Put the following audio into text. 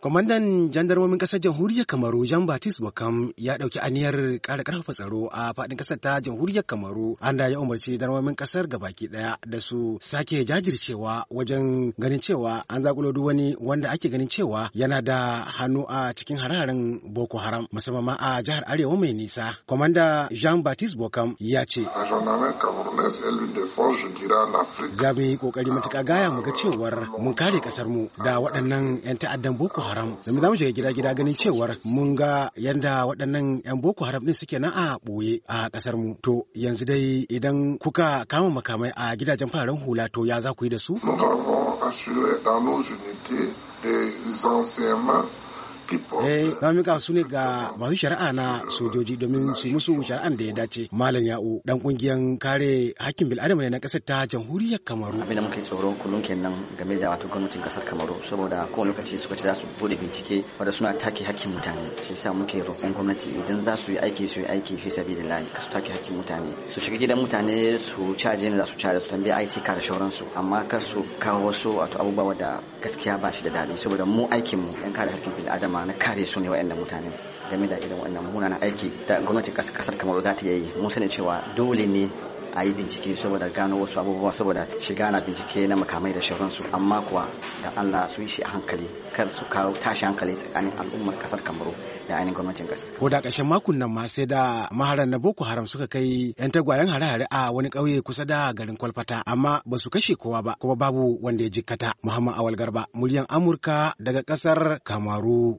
Kwamandan jandarmomin Kasar jamhuriyar Kamaru Jean Baptiste Bokam ya ɗauki aniyar ƙara ƙarfafa tsaro a faɗin Kasar ta jamhuriyar Kamaru an da ya umarci jandarmomin ƙasar gabaki ɗaya da su sake jajircewa wajen ganin cewa an zakulo duk wani wanda ake ganin cewa yana da hannu a cikin hararen Boko Haram musamman a jihar Arewa mai nisa. Kwamanda Jean Baptiste Bokam ya ce. Za mu yi ƙoƙari matuƙa gaya mu ga cewar mun kare ƙasarmu da waɗannan 'yan ta'addan Boko Haram. Haram. Da mu shiga gida-gida ganin cewar mun ga yanda waɗannan 'yan Boko Haram ɗin suke nan a ɓoye a ƙasar mu. To yanzu dai idan kuka kama makamai a gidajen fararen hula to ya za ku yi da su? Nous Eh, na mika su ne ga masu shari'a na sojoji domin su musu shari'an da ya dace. Malam Ya'u dan kungiyan kare hakkin bil'adama ne na kasar ta jamhuriyar Kamaru. Abin da muka yi tsoron kullum kenan game da wato gwamnatin kasar Kamaru saboda kowane lokaci suka ce za su bude bincike wanda suna take hakkin mutane. Shi yasa muke roƙon gwamnati idan za su yi aiki su yi aiki fi sabilillahi ka su take hakkin mutane. Su shiga gidan mutane su caje ne za su caje su tambaye IT ka da shauransu amma kar su kawo wasu wato abubuwa da gaskiya ba shi da daɗi saboda mu aikin mu yan kare hakkin bil'adama na kare su ne wa'annan mutane game da irin wannan munanan aiki da gwamnatin kasar kamar za ta yi mun sani cewa dole ne a yi bincike saboda gano wasu abubuwa saboda shiga na bincike na makamai da shirinsu amma kuwa da allah su yi shi a hankali kar su kawo tashi hankali tsakanin al'ummar kasar kamaru da ainihin gwamnatin kasar ko da ƙarshen makon nan ma sai da maharan na boko haram suka kai yan tagwayen hare-hare a wani ƙauye kusa da garin kwalfata amma ba su kashe kowa ba kuma babu wanda ya jikkata muhammad awal garba muryan amurka daga ƙasar kamaru